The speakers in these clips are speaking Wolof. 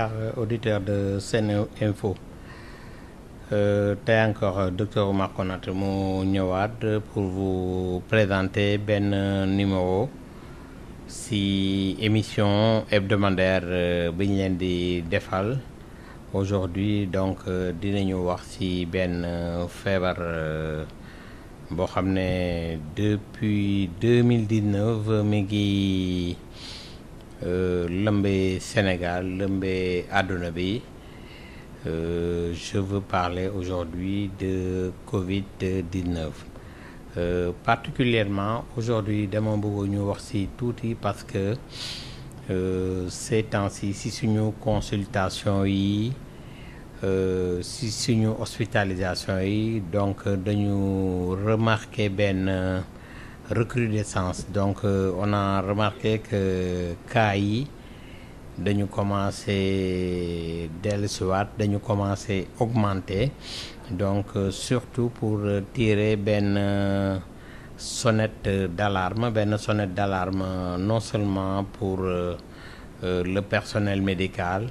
chers euh, auditeurs de Sene Info euh, tey encore euh, docteur mu ñëwaat euh, pour vous présenter benn numéro si émission hebdomadaire bi ñu leen di defal aujourd'hui donc dinañu wax si benn feebar boo xam ne depuis deux mille dix-neuf mi ngi. Euh, lëmbee Sénégal lëmbe àdduna bi euh, je veux parler aujourd'hui de Covid-19 euh, particulièrement aujourd'hui dama bëgg ñu wax ci tuuti parce que euh, ces temps-ci ci suñu consultation yi euh, si suñu hospitalisation yi donc dañu remarquer benn recrudescence donc euh, on a remarqué que cas yi dañu commencé dellusiwaat dañu commencé augmenter donc euh, surtout pour euh, tirer benn euh, sonnette euh, d'alarme benn sonnette d'alarme non seulement pour euh, le personnel médical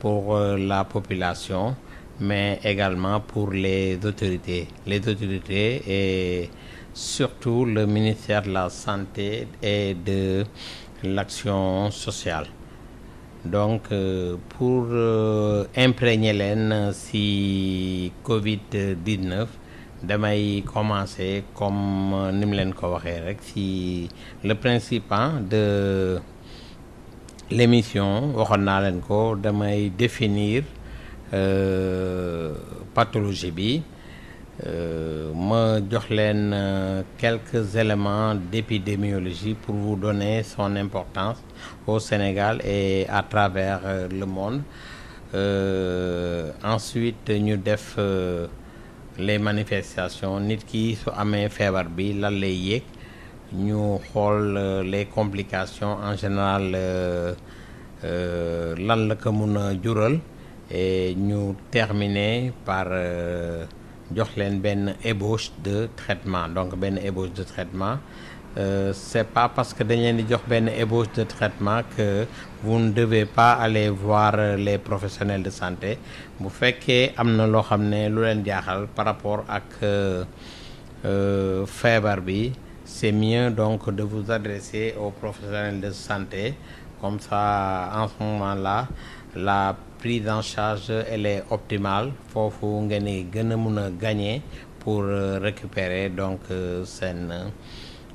pour la population mais également pour les autorités les autorités et surtout le ministère de la Santé et de l'action sociale donc euh, pour euh, imprégner leen ci euh, Covid-19 damay commencé comme euh, ni mu leen ko waxee rek ci le principe de l'émission waxoon naa leen ko damay définir euh, pathologie bi Euh, ma jox leen euh, quelques éléments d'épidémiologie pour vous donner son importance au Sénégal et à travers euh, le monde euh, ensuite ñu def les manifestations nit ki su amee feebar bi lan lay yéeg ñu xool les complications en général lan la ko mun a jural et ñu terminer par euh, jox leen benn ébauche de traitement donc benn ébauche de traitement euh, c'est pas parce que dañ leen di jox benn ébauche de traitement que vous ne devez pas aller voir les professionnels de santé bu fekkee am na loo xam ne lu leen jaaxal par rapport ak euh, euh, feebar bi c'est mieux donc de vous adresser aux professionnels de santé comme ça en ce moment-là la prise en charge elle est optimale foofu nga ni gën a mun a gañee pour euh, récupérer donc euh, seen euh,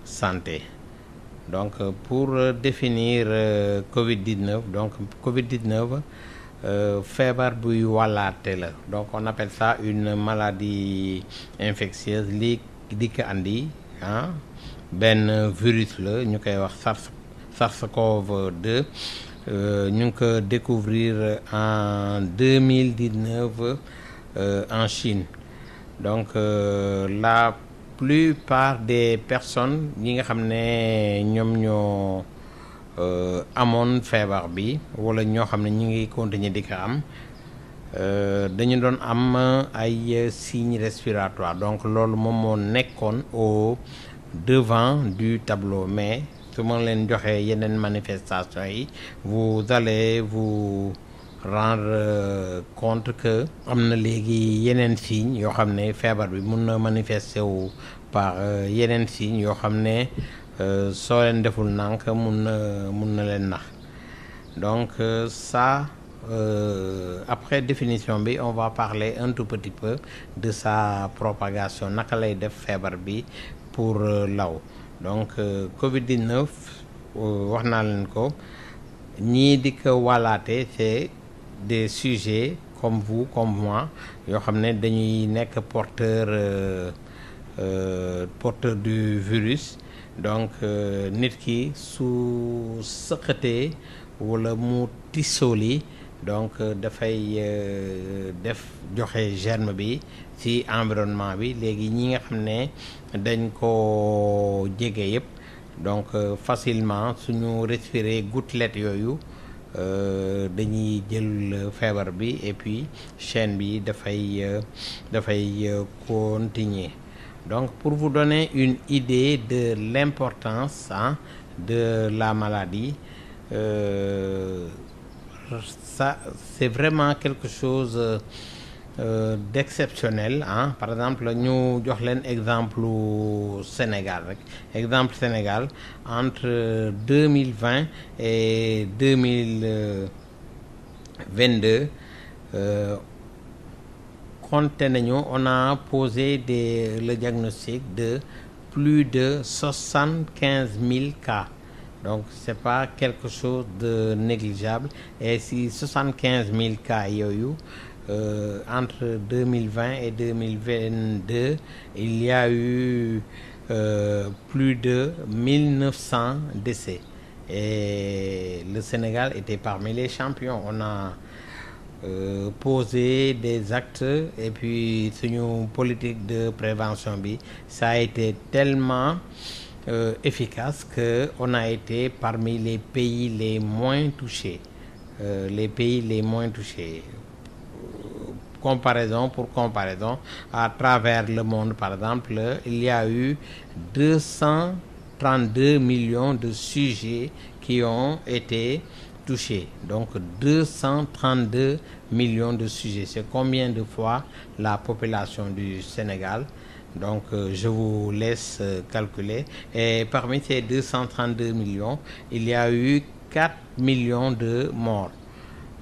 santé donc pour définir Covid-19 donc Covid-19 feebar buy wàllaate la donc on appelle ça une maladie infectieuse lii di ko ah, benn virus la ñu koy wax SARS sars cov Euh, ñu ngi ko découvrir en deux mille dix neuf euh, en Chine donc euh, la plupart des personnes ñi nga xam ne ñoom ñoo amoon feebar bi wala ñoo xam ne ñu ngi continuer di ko am dañu doon am ay signes respiratoires donc loolu moom moo nekkoon au devant du tableau mais. su ma leen joxee yeneen manifestation yi vous allez vous rendre euh, compte que am na léegi yeneen sign yoo xam ne feebar bi mun na manifester wu par euh, yeneen signes yoo xam ne euh, soo leen deful nank mun na mun na leen nax donc saa Euh, après définition bi on va parler un tout petit peu de sa propagation naka lay def feebar bi pour law donc euh, Covid 19 euh, wax naa leen ko ñii di ko wàllaate c'est des sujets comme vous comme moi yoo xam ne dañuy nekk porteur euh, porteur du virus donc nit ki su sëqatee wala mu lii donc euh, dafay euh, def joxe germe bi ci environnement bi léegi ñi nga xam ne dañ ko jege yëpp donc euh, facilement suñu respirer gouttelette yooyu dañuy jël feebar bi et puis chaine bi dafay dafay continuer donc pour vous donner une idée de l'importance de la maladie euh, ça c'est vraiment quelque chose euh, d'exceptionnel ah par exemple ñu jox leen exemple Sénégal rek exemple Sénégal entre deux mille vingt et deux mille vingt deux euh, compté nañu on a posé des le diagnostic de plus de soixante quinze mille cas. donc c'est pas quelque chose de négligeable et si soixante quinze mille cas yooyu euh, entre deux mille vingt et deux mille vingt deux il y a eu euh, plus de mille neuf décès et le Sénégal était parmi les champions on a euh, posé des actes et puis suñu politique de prévention bi ça a été tellement euh, efficace qu'on a été parmi les pays les moins touchés. Euh, les pays les moins touchés. Euh, comparaison pour comparaison, à travers le monde, par exemple, il y a eu millions de sujets qui ont été touchés. Donc 232 millions de sujets. C'est combien de fois la population du Sénégal donc euh, je vous laisse euh, calculer et parmi ces 232 millions il y a eu 4 millions de morts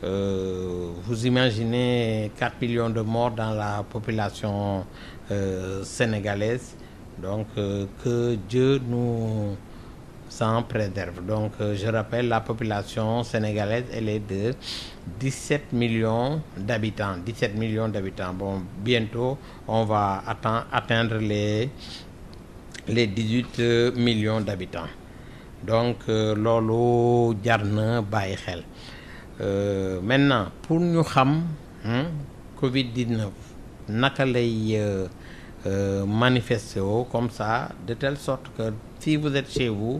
euh, vous de morts dans la population euh, sans préserve donc euh, je rappelle la population sénégalaise elle est de 17 millions d'habitants 17 millions d'habitants bon bientôt on va atten atteindre les les 18 euh, millions d'habitants donc euh, loolu jar na bàyyi xel euh, maintenant pour ñu xam Covid-19 naka lay euh, comme ça de telle sorte que si vous êtes chez vous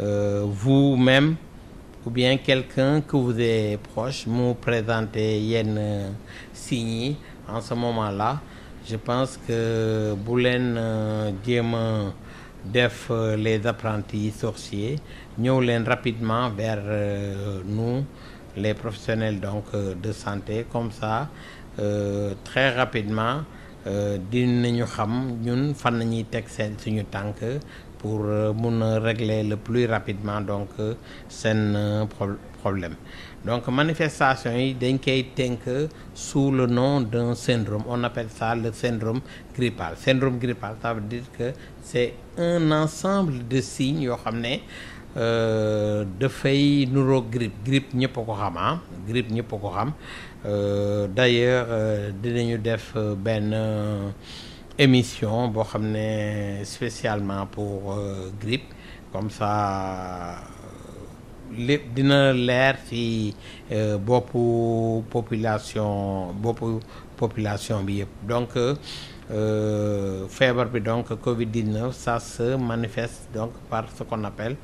euh, vous-même ou bien quelqu'un que vous êtes proche mu présenter yenn euh, signes yi en ce moment-là je pense que bu leen euh, jéem a def les apprentis sorciers ñëw leen rapidement vers nous les professionnels donc de santé comme ça euh, très rapidement dinañu xam ñun fan nañuy teg seen suñu tànk pour euh, mun a régler le plus rapidement donc euh, seen euh, problème donc manifestation yi dañ koy tenk sous le nom d'un syndrome on appelle ça le syndrome grippal syndrome grippal ça veut dire que c'est un ensemble de signes yoo xam ne Euh, dafay nuroo grippe grippe ñëpp a ko xam ah grippe ñëpp a ko xam euh, d'ailleurs euh, dinañu def benn émission boo xam ne spécialement pour euh, comme ça euh, lépp dina leer ci euh, boppu population boppu population bi yëpp donc. Euh, Euh, feebar bi donc Covid 19 ça se manifeste donc par ce qu'on appelle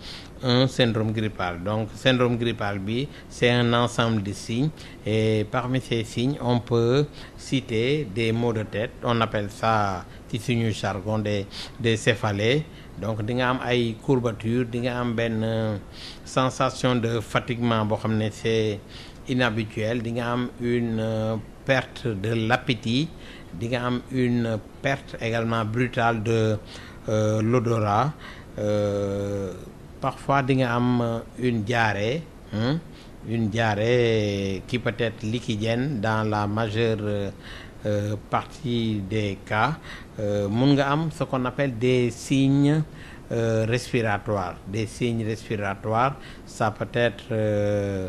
un syndrome grippal donc syndrome grippal bi c'est un ensemble de signes et parmi ces signes on peut citer des maux de tête on appelle ça ci suñu jargon des des céphalées donc di nga am ay courbature di nga am benn sensation de fatiguement boo xam ne c'est inhabituel di nga am une euh, perte de l'appétit di nga am une perte également brutale de euh, l'odorat euh, parfois di nga am une diarrhée une diarrhée qui peut être liquidienne dans la majeure euh, partie des cas euh, mun nga am ce qu'on appelle des signes euh, respiratoires des signes respiratoires ça peut être euh,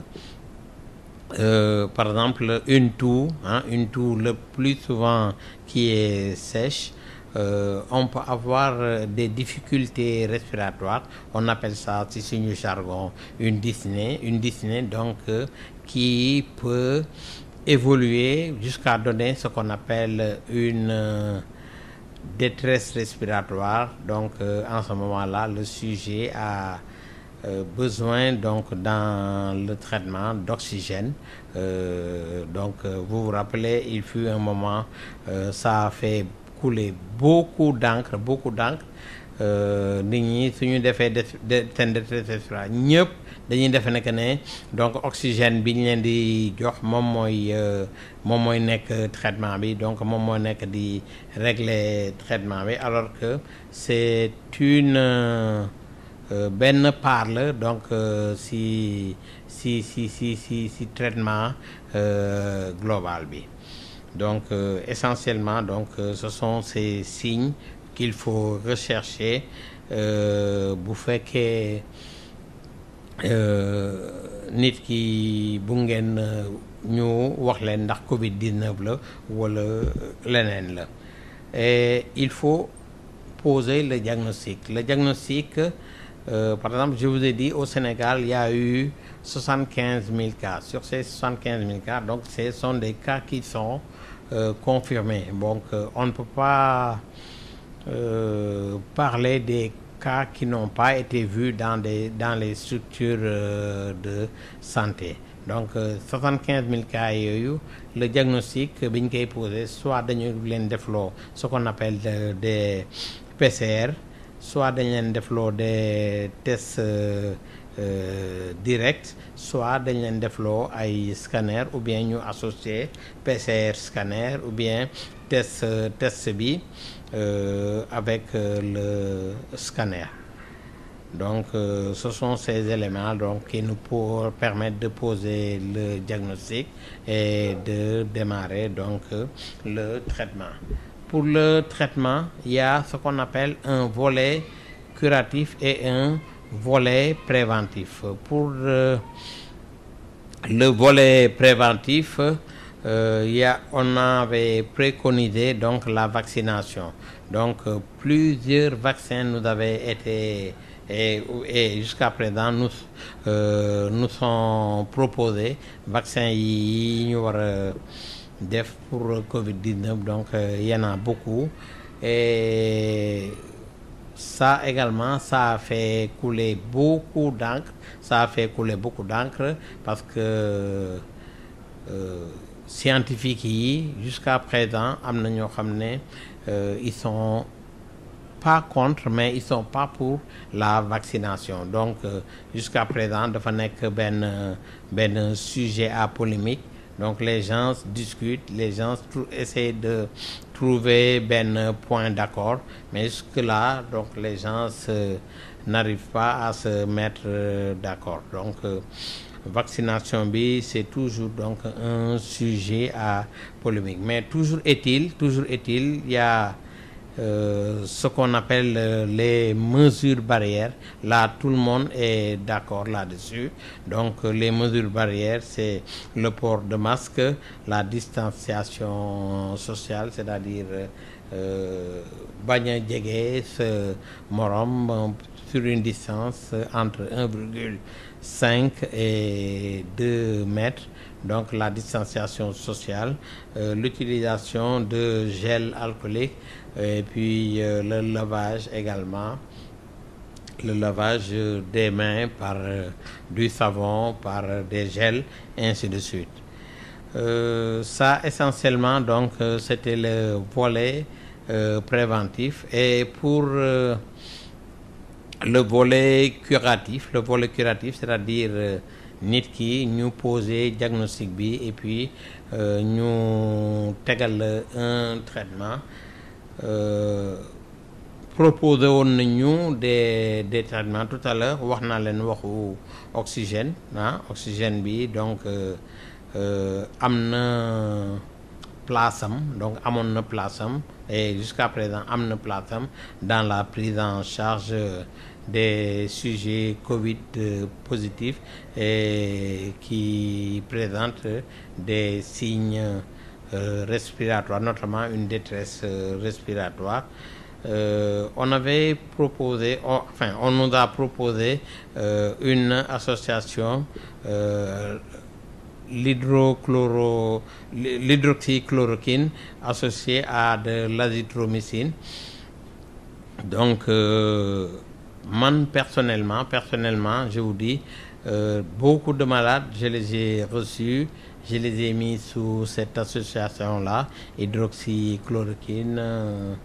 euh, par exemple une toux, hein, une toux le plus souvent qui est sèche, euh, on peut avoir euh, des difficultés respiratoires. On appelle ça, si c'est du jargon, une dyspnée, une dyspnée donc euh, qui peut évoluer jusqu'à donner ce qu'on appelle une euh, détresse respiratoire. Donc en ce moment-là, le sujet a Euh, besoin donc dans le traitement d'oxygène. Euh, donc euh, vous vous rappelez, il fut un moment, euh, ça a fait couler beaucoup d'encre, beaucoup d'encre. Euh, nit ñi suñu defee def seen détresse ñëpp dañuy defe ne ne donc oxygène bi ñu leen di jox moom mooy euh, moom mooy nekk traitement bi donc moom mooy nekk di régler traitement bi alors que c'est une Euh, benn part la donc euh, si si si si si si traitement euh, global bi donc essentiellement donc ce sont ces signes qu'il rechercher bu fekkee nit ki bu ngeen ñu wax leen ndax Covid 19 la wala leneen la et il faut poser le diagnostic le diagnostic. euh, par exemple je vous ai dit au Sénégal il y a eu quinze mille cas sur ces soixante quinze mille cas donc ce sont des cas qui sont euh, confirmés euh, on ne peut pas euh, parler des cas qui n'ont pas été vus dans des dans les structures euh, de santé donc soixante quinze mille cas yooyu le diagnostic bi ñu koy posé soit dañu leen defloo ce qu'on appelle des PCR soit dañ leen defloo des tests euh, euh, direct soit dañ leen defloo ay scanner ou bien ñu associé PCR scanner ou bien test test bi euh, avec le scanner donc euh, ce sont ces éléments donc qui nous pour permettent de poser le diagnostic et de démarrer donc le traitement pour le traitement, il y a ce qu'on appelle un volet curatif et un volet préventif. Pour euh, le volet préventif, euh, il y a, on avait préconisé donc la vaccination. Donc euh, plusieurs vaccins nous avaient été et, et jusqu'à présent nous euh, nous sont proposés vaccins yi ñu war a def pour Covid-19. Donc, euh, il a beaucoup. Et ça également, ça a fait couler beaucoup d'encre. Ça a fait couler beaucoup d'encre parce que euh, scientifiques yi, jusqu'à présent, am na ñoo xam ne euh, ils sont pas contre mais ils sont pas pour la vaccination donc euh, jusqu'à présent dafa nekk benn benn sujet à polémique donc les gens discutent les gens essaient de trouver benn point d'accord mais jusque-là donc les gens euh, n'arrivent pas à se mettre euh, d'accord donc euh, vaccination bi c'est toujours donc un sujet à polémique mais toujours est-il toujours est-il il y a Euh, ce qu'on appelle euh, les mesures barrières. Là, tout le monde est d'accord là-dessus. Donc, euh, les mesures barrières, c'est le port de masque, la distanciation sociale, c'est-à-dire euh, bañ a jege sa morom euh, sur une distance entre 1,5 et 2 mètres. donc la distanciation sociale, l'utilisation de gel alcoolique. et puis euh, le lavage également le lavage des mains par euh, du savon par euh, des gels ainsi de suite euh, ça essentiellement donc euh, c'était le volet euh, préventif et pour le volet curatif le volet curatif c'est-à-dire nit ki ñu poser diagnostic bi et puis ñu tegal un traitement Euh, proposé woon nañu des des traitements tout à l'heure wax naa leen waxu oxygène ah oxygène bi donc euh, euh, am na place am donc amoon na place am et jusqu'à présent am na place am dans la prise en charge des sujets Covid positifs et qui présentent des signes Euh, respiratoire, notamment une détresse euh, respiratoire. Euh, on avait proposé, on, enfin, on nous a proposé euh, une association, euh, l'hydroxychloroquine associée à de l'azithromycine. Donc, euh, man personnellement, personnellement, je vous dis, beaucoup de malades, je les ai reçus. je les ai mis sous cette association-là, hydroxychloroquine, euh,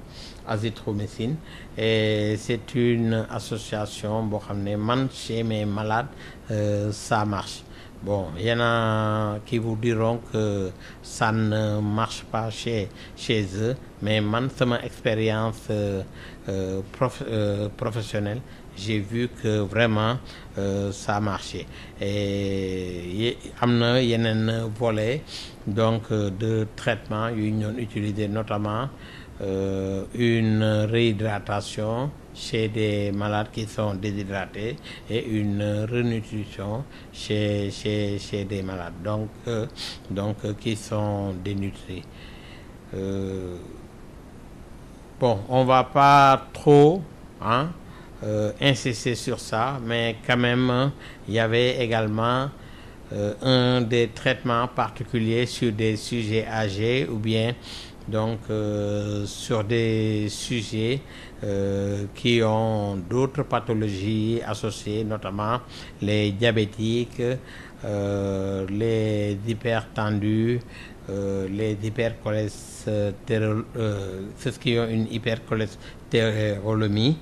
azithromycine. Et c'est une association, bon, man chez mes malades, euh, ça marche. Bon, il y a qui vous diront que ça ne marche pas chez, chez eux, mais man, c'est ma expérience euh, euh prof, euh, professionnelle. j'ai vu que vraiment euh, ça a am na yeneen volet donc euh, de traitement yu ñu utiliser notamment euh, une réhydratation chez des malades qui sont déshydratés et une renutrition chez des malades donc euh, donc euh, qui sont dénutris bon on va pas trop euh, insister sur ça, mais quand même, il y avait également euh, un des traitements particuliers sur des sujets âgés ou bien donc euh, sur des sujets euh, qui ont d'autres pathologies associées, notamment les diabétiques, euh, les hypertendus, euh, les hypercholestérolémie, euh, ceux qui ont une hypercholestérolémie.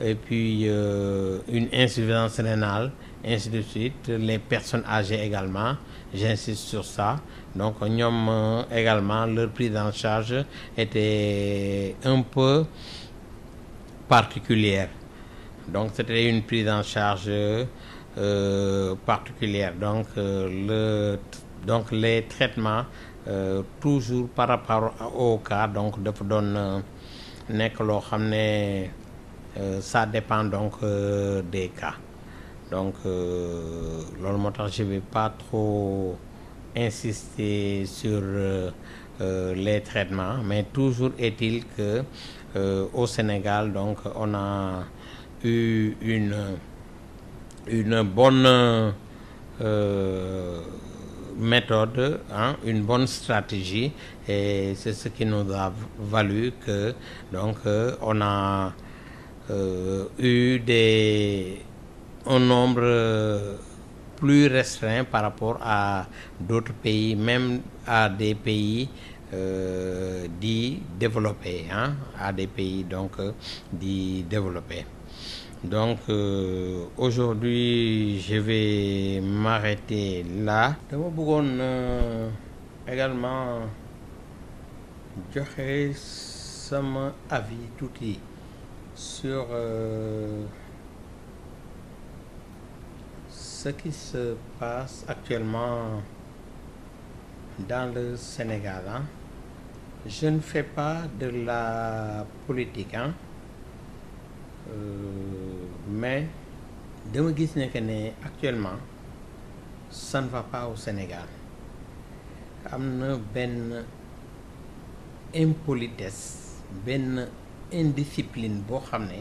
et puis euh, une insuffisance rénale ainsi de suite les personnes âgées également j'insiste sur ça donc ñoom euh, également leur prise en charge était un peu particulière donc c'était une prise en charge euh, particulière donc euh, le donc les traitements euh, toujours par rapport au cas donc dafa doon euh, nekk loo xam ne Euh, ça dépend donc euh, des cas donc euh, loolu moo tax je vais pas trop insister sur les traitements mais toujours est-il que au Sénégal donc on a eu une une bonne euh, méthode hein, une bonne stratégie et c'est ce qui nous a valu que donc euh, on a Euh, eu des un nombre euh, plus restreint par rapport à d'autres pays, même à des pays euh, dits développés, hein, à des pays donc euh, dits développés. Donc euh, aujourd'hui, je vais m'arrêter là. Dama bëggoon euh, également joxe sama avis tuuti. sur euh, ce qui se passe actuellement dans le Sénégal. Je ne fais pas de la politique, euh, mais dama gis ne que ne actuellement ça ne va pas au Sénégal am na benn impolitesse benn. indiscipline boo xam ne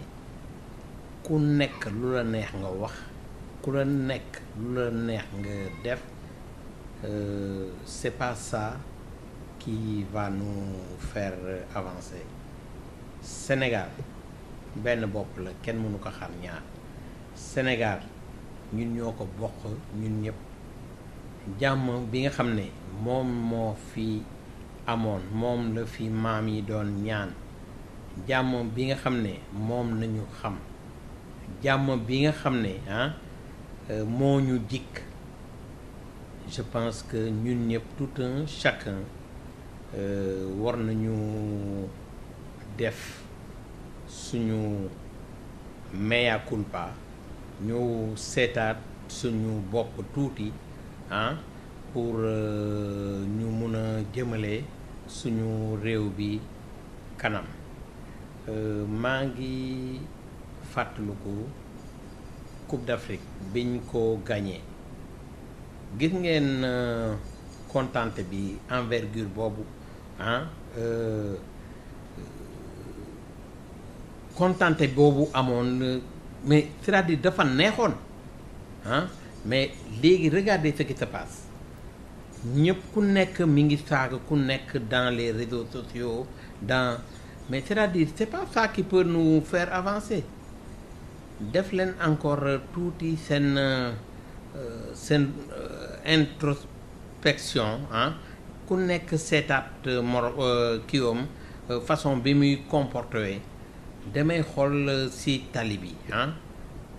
ku nekk lu la neex nga wax ku la nekk lu la neex nga def euh, c'est pas ça qui va nous faire avancer Sénégal benn bopp la kenn mënu ko xar ñaar Sénégal ñun ñoo ko bokk ñun ñëpp jàmm bi nga xam ne moom moo fi amoon moom la fi maam yi doon ñaan jàmm bi nga xam ne moom nañu xam jàmm bi nga xam ne ah euh, moo ñu dikk je pense que ñun ñëpp tout un chacun euh, war nañu def suñu mea culpa ñu seetaat suñu bopp tuuti ah pour euh, ñu mun a jëmale suñu réew bi kanam Euh, maa ngi fàttaliku Coupe d'Afrique biñ ko gagné gis ngeen kontante euh, bi envergure boobu ah kontante euh, boobu amoon mais cest dafa neexoon ah, mais léegi regardez ce qui se passe ñëpp ku nekk mi ngi saaga ku nekk dans les réseaux sociaux dans. mais c'est-à-dire c'est pas ça qui peut nous faire avancer def leen encore tuuti seen euh, seen euh, introspection ah ku nekk seetaat euh, mor kiwam façon bi muy comporté damay xool ci tali bi ah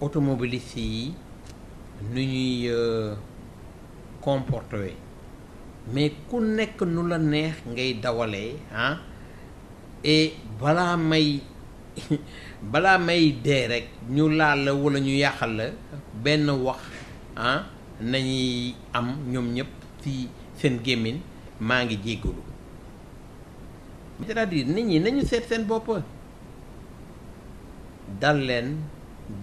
automobiliste yi nu ñuy comporté mais ku nekk nu la neex ngay dawalee ah et balaa may balaa may dee rek ñu laal la wala ñu yàqal la benn wax ah nañuy am ñoom ñëpp ci seen gémmiñ maa ngi jéggalu c'est-à-dire nit ñi nañu seet seen bopp dal leen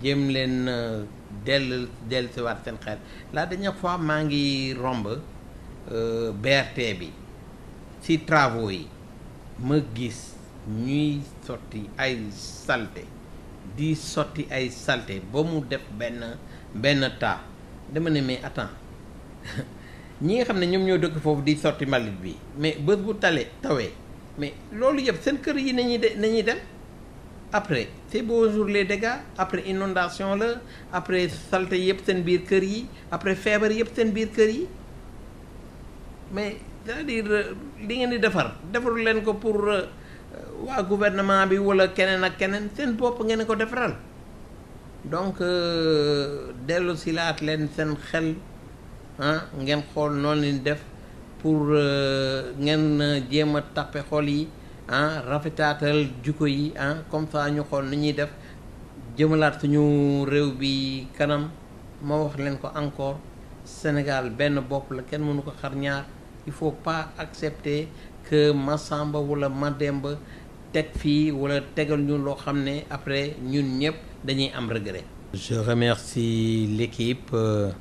jéem leen euh, dell dell si waat seen xel la dernière fois maa ngi romb euh, BRT bi ci travaux yi ma gis ñuy sotti ay salte di sotti ay salte ba mu def benn benn taa dama ne mais attends ñi nga xam ne ñoom ñoo dëkk foofu di sotti mbalit bi mais bés bu tale tawee mais loolu yëpp seen kër yi nañuy de nañuy dem après c'est beau jour les dégâts après inondation la après salte yëpp seen biir kër yi après feebar yëpp seen biir kër yi mais cest euh, li ngeen di defar defaru ko pour. Euh, waa gouvernement bi wala keneen ak keneen seen bopp ngeen ko defaral donc euh, dellu si laat leen seen xel ah, ngeen xool noonu leen def pour euh, ngeen jéem a tappe xol yi ah rafetaatal jukko yi ah comme ça ñu xool ni ñuy def jëmalaat suñu réew bi kanam ma wax leen ko encore Sénégal benn bopp la kenn mënu ko xar ñaar il faut pas accepter que Massamba wala Mademba teg fii wala tegal ñu loo xam ne après ñun ñëpp dañuy am regret. je remercie l'équipe euh,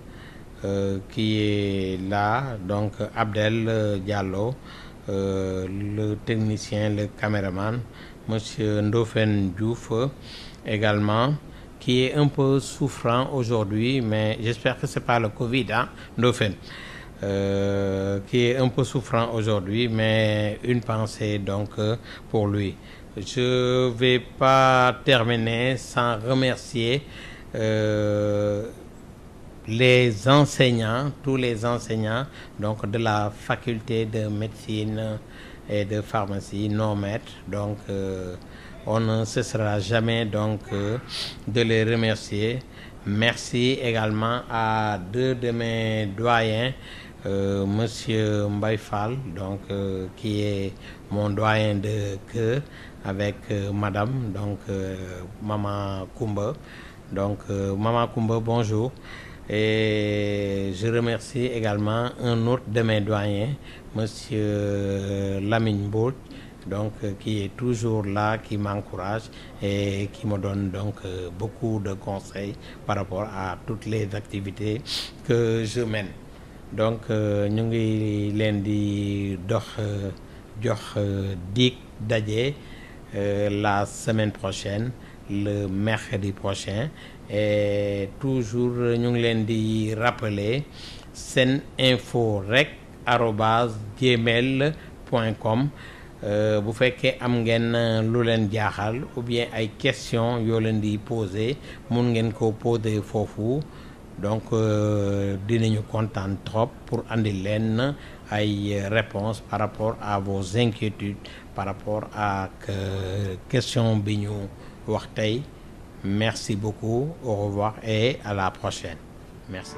euh, qui est là donc Abdel euh, Diallo euh, le technicien le caméraman monsieur Ndofène Diouf euh, également qui est un peu souffrant aujourd'hui mais j'espère que c'est pas le Covid ah Ndofène euh, qui est un peu souffrant aujourd'hui, mais une pensée donc euh, pour lui. Je vais pas terminer sans remercier euh, les enseignants, tous les enseignants donc de la faculté de médecine et de pharmacie, nos maîtres. Donc euh, on ne cessera jamais donc euh, de les remercier. Merci également à deux de mes doyens. Euh, monsieur Mbaïfal, donc, euh, qui est mon doyen de queue, avec euh, madame, donc euh, Maman Koumba. Donc, euh, Maman Koumba, bonjour. Et je remercie également un autre de mes doyens, monsieur euh, Lamine donc, qui est toujours là, qui m'encourage et qui me donne donc beaucoup de conseils par rapport à toutes les activités que je mène. donc euh, ñu ngi leen di dox euh, jox euh, dig daje la semaine prochaine le mercredi prochain et toujours ñu ngi leen di rappeler seen info rek arobase gmail point com bu fekkee am ngeen lu leen jaaxal ou bien ay question yoo leen di poser mun ngeen ko poser foofu donc euh, dinañu kontaan trop pour andi leen ay réponses par rapport à vos inquiétudes par rapport à question bi ñu wax tey merci beaucoup au revoir et à la prochaine merci